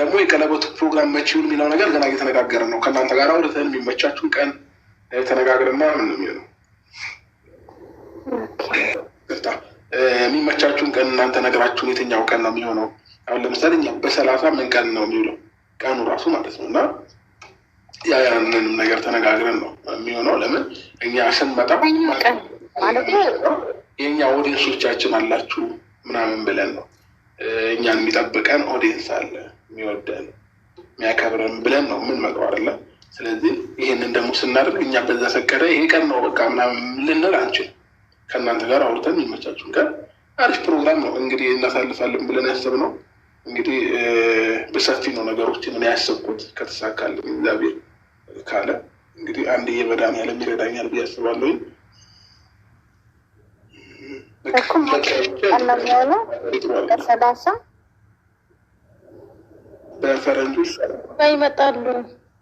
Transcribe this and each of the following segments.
ደግሞ የቀለበቱ ፕሮግራም መቼውን የሚለው ነገር ገና እየተነጋገረ ነው። ከእናንተ ጋር አውርተን የሚመቻችሁን ቀን ተነጋግርና ምን የሚለው የሚመቻችሁን ቀን እናንተ ነገራችሁን የትኛው ቀን ነው የሚሆነው? አሁን ለምሳሌ እኛ በሰላሳ ምን ቀን ነው የሚውለው ቀኑ ራሱ ማለት ነው። እና ያ ያንንም ነገር ተነጋግረን ነው የሚሆነው። ለምን እኛ ስንመጣ የእኛ ኦዲንሶቻችን አላችሁ ምናምን ብለን ነው እኛ የሚጠብቀን ኦዲየንስ አለ፣ የሚወደን የሚያከብረን ብለን ነው ምን መቀው አለ። ስለዚህ ይህንን ደግሞ ስናደርግ እኛ በዛ ሰቀደ ይሄ ቀን ነው በቃ ምናምን ልንል አንችል። ከእናንተ ጋር አውርተን የሚመቻችን ጋር አሪፍ ፕሮግራም ነው እንግዲህ እናሳልፋለን ብለን ያሰብነው እንግዲህ በሰፊ ነው ነገሮች ምን ያሰብኩት። ከተሳካልን እግዚአብሔር ካለ እንግዲህ አንድ የመዳን ያለም ይረዳኛል ብዬ አስባለሁኝ። ይመጣሉ።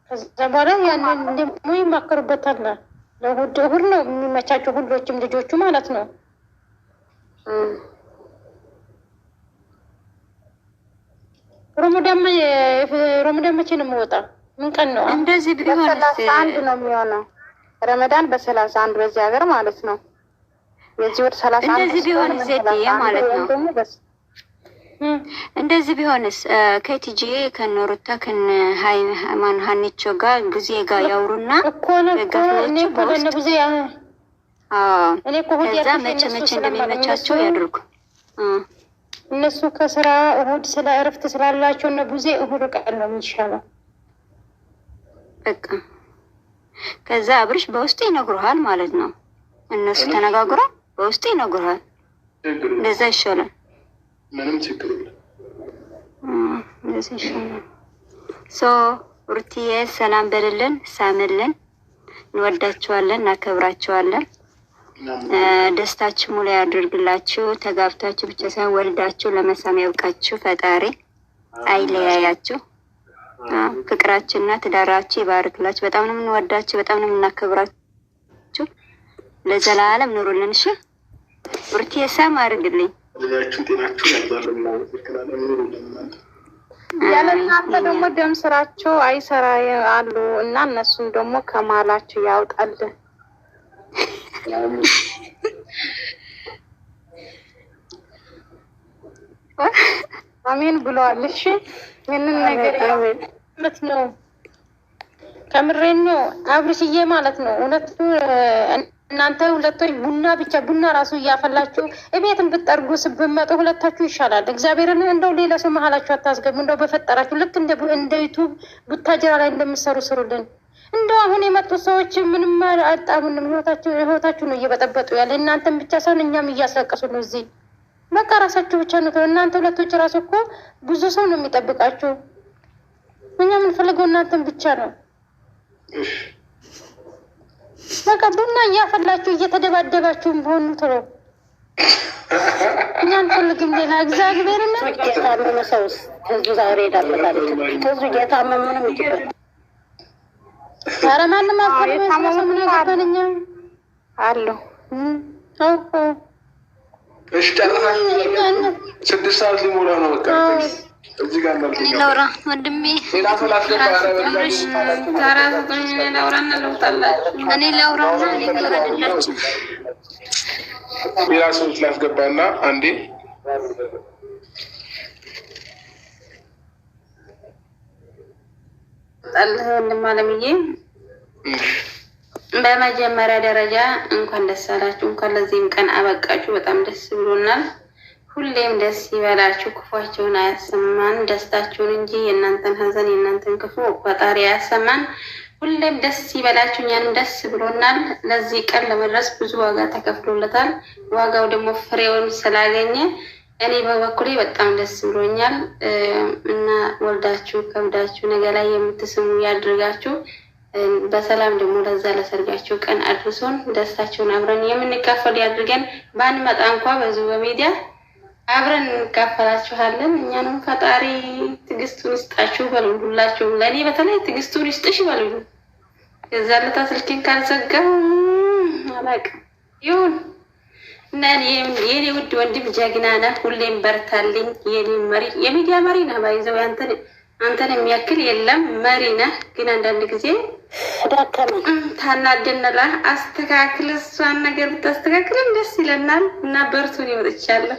ከዛ በኋላ ያንን ደግሞ ይማከሩበታል። ለእሑድ እሑድ ነው የሚመቻቸው፣ ሁሎችም ልጆቹ ማለት ነው። ረመዳን መቼ ነው የምወጣ? ምን ቀን ነው? እንደዚህ ቢሆን አንድ ነው የሚሆነው ረመዳን በሰላሳ አንድ በዚህ ሀገር ማለት ነው። እንደዚህ ቢሆን ዘዴ ማለት ነው። እንደዚህ ቢሆንስ ከቲጂ ከኖሩታ ከን ሃይማን ሀኒቾ ጋር ጊዜ ጋር ያውሩና ከዛ መቼ መቼ እንደሚመቻቸው ያድርጉ። እነሱ ከስራ እሁድ ስለ እረፍት ስላላቸው እነ ቡዜ እሁድ ቀን ነው የሚሻለው። በቃ ከዛ አብርሽ በውስጡ ይነግሩሃል ማለት ነው። እነሱ ተነጋግረው በውስጡ ይነግርሃል። እንደዛ ይሻላል። ምንም ችግር እንደዛ ሶ ሩትዬ ሰላም በልልን፣ ሳምልን። እንወዳችኋለን፣ እናከብራችኋለን። ደስታችሁ ሙሉ ያድርግላችሁ። ተጋብታችሁ ብቻ ሳይሆን ወልዳችሁ ለመሳም ያውቃችሁ ፈጣሪ አይለያያችሁ። ፍቅራችንና ትዳራችሁ ይባርክላችሁ። በጣም ነው የምንወዳችሁ፣ በጣም ነው የምናከብራችሁ። ለዘላለም ኑሩልን። እሺ ብርቴ ሰም አድርግልኝ። ያለ ደግሞ ደም ስራቸው አይሰራ አሉ እና እነሱም ደግሞ ከማላቸው ያውጣልን። አሜን ብለዋል። እሺ ይህንን ነገር ነው፣ ከምሬኞ ነው አብርሽዬ ማለት ነው እውነት እናንተ ሁለቶች ቡና ብቻ ቡና ራሱ እያፈላችሁ እቤትን ብትጠርጉ ስብመጡ ሁለታችሁ ይሻላል። እግዚአብሔርን እንደው ሌላ ሰው መሀላችሁ አታስገቡ። እንደው በፈጠራችሁ ልክ እንደ ዩቱብ ቡታጀራ ላይ እንደምሰሩ ስሩልን። እንደው አሁን የመጡት ሰዎች ምንም አጣሙንም። ህይወታችሁ ነው እየበጠበጡ ያለ እናንተን ብቻ ሳይሆን እኛም እያስለቀሱ ነው። እዚህ በቃ ራሳችሁ ብቻ ነው። እናንተ ሁለቶች ራሱ እኮ ብዙ ሰው ነው የሚጠብቃችሁ። እኛ የምንፈልገው እናንተን ብቻ ነው። ቀዱና እያፈላችሁ እየተደባደባችሁ ሆኑ ትሮ እኛ አንፈልግም። ሌላ እግዚአብሔርን የታመመ ሰውስ ህዝቡ ዛሬ ሄዳበታል። ህዝቡ እየታመመ ማንም አሉ ስድስት ሰዓት ሊሞላ ነው በቃ ላውራ ሌላ ሰው ላስገባና አንዴ ጣልህ ወንድም አለምዬ በመጀመሪያ ደረጃ እንኳን ደስ አላችሁ፣ እንኳን ለዚህም ቀን አበቃችሁ። በጣም ደስ ብሎናል። ሁሌም ደስ ይበላችሁ፣ ክፏችሁን አያሰማን፣ ደስታችሁን እንጂ የእናንተን ሀዘን የእናንተን ክፉ ፈጣሪ አያሰማን። ሁሌም ደስ ይበላችሁ፣ እኛንም ደስ ብሎናል። ለዚህ ቀን ለመድረስ ብዙ ዋጋ ተከፍሎለታል። ዋጋው ደግሞ ፍሬውን ስላገኘ እኔ በበኩሌ በጣም ደስ ብሎኛል እና ወልዳችሁ ከብዳችሁ ነገ ላይ የምትስሙ ያድርጋችሁ። በሰላም ደግሞ ለዛ ለሰርጋችሁ ቀን አድርሶን ደስታችሁን አብረን የምንካፈል ያድርገን። ባንመጣ እንኳ በዚሁ በሚዲያ አብረን እንካፈላችኋለን። እኛንም ፈጣሪ ትግስቱን ይስጣችሁ በሉን። ሁላችሁም ለእኔ በተለይ ትግስቱን ይስጥሽ በሉ። የዛ ለታ ስልኬን ካልዘጋው አላውቅም ይሁን እና የኔ ውድ ወንድም ጀግና ነህ። ሁሌም በርታልኝ። የኔ መሪ የሚዲያ መሪ ነህ። ባይዘው አንተን የሚያክል የለም። መሪ ነህ፣ ግን አንዳንድ ጊዜ ታናደነላ። አስተካክል፣ እሷን ነገር ብታስተካክልን ደስ ይለናል። እና በርቱን ይወጥቻለሁ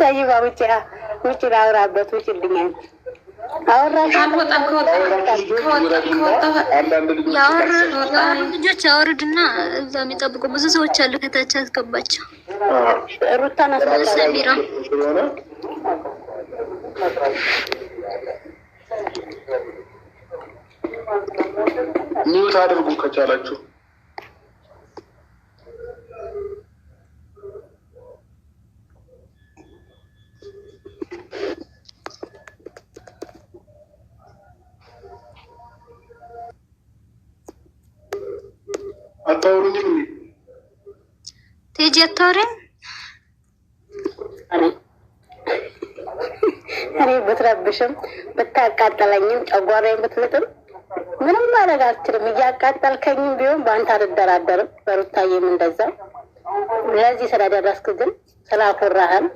ጠይባ ውጭ ውጭ ላውራበት ውጭ ልኛል ልጆች እዛ የሚጠብቁ ብዙ ሰዎች አሉ። ከታች አስገባቸው። ሚውት አድርጉ ከቻላችሁ። አታወሩኝም እንዴ? ቴጂ አታወሪም? እኔ ብትረብሽም ብታቃጠለኝም ጨጓራዬን ብትልጥም ምንም ማድረግ አልችልም። እያቃጠልከኝም ቢሆን በአንተ አልደራደርም። በሩታዬም እንደዛ። ለዚህ ስለደረስክ ግን ስላኮራህን፣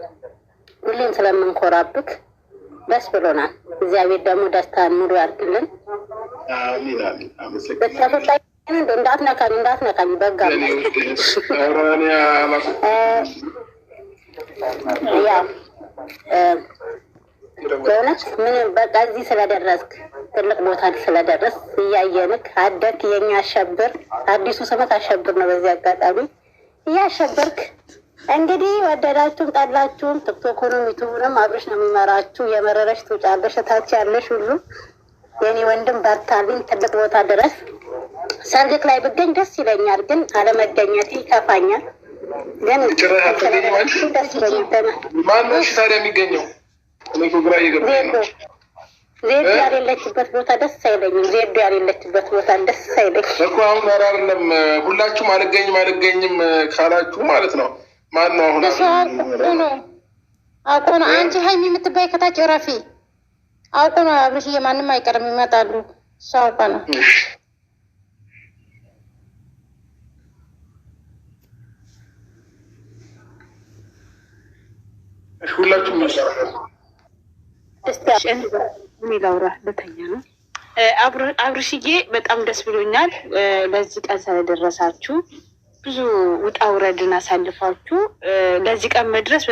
ሁሌም ስለምንኮራብክ ደስ ብሎናል። እግዚአብሔር ደግሞ ደስታን ሙሉ ያድርግልን። እንዳትነካኝ እንዳትነካኝ በጋ ያው በእውነት ምን በቃ እዚህ ስለደረስክ ትልቅ ቦታ ስለደረስ እያየንክ አደክ የኛ አሸብር አዲሱ ስመት አሸብር ነው። በዚህ አጋጣሚ እያሸበርክ እንግዲህ ወደዳችሁም ጠላችሁም ቲክቶኩንም ዩቱቡንም አብረሽ ነው የሚመራችሁ። የመረረሽ ትውጫለሽ። እታች ያለሽ ሁሉ የኔ ወንድም በርታልኝ፣ ትልቅ ቦታ ድረስ ሰርግክ ላይ ብገኝ ደስ ይለኛል፣ ግን አለመገኘት ይከፋኛል። ግን ደስ ታዲያ የሚገኘው? ዜዶ ያሌለችበት ቦታ ደስ አይለኝም። ዜዶ ያሌለችበት ቦታ ደስ እኮ አሁን አይደለም ሁላችሁም አልገኝም አልገኝም ካላችሁ ማለት ነው። ማን ነው አሁን ነው አንቺ ሀይሚ የምትባይ ከታች እረፊ። ነው አብርሽዬ፣ ማንም አይቀርም ይመጣሉ። እሱ ነው። ሁላችሁ ሚላውራ አብርሽዬ በጣም ደስ ብሎኛል ለዚህ ቀን ስለደረሳችሁ። ብዙ ውጣ ውረድን አሳልፋችሁ ለዚህ ቀን መድረስ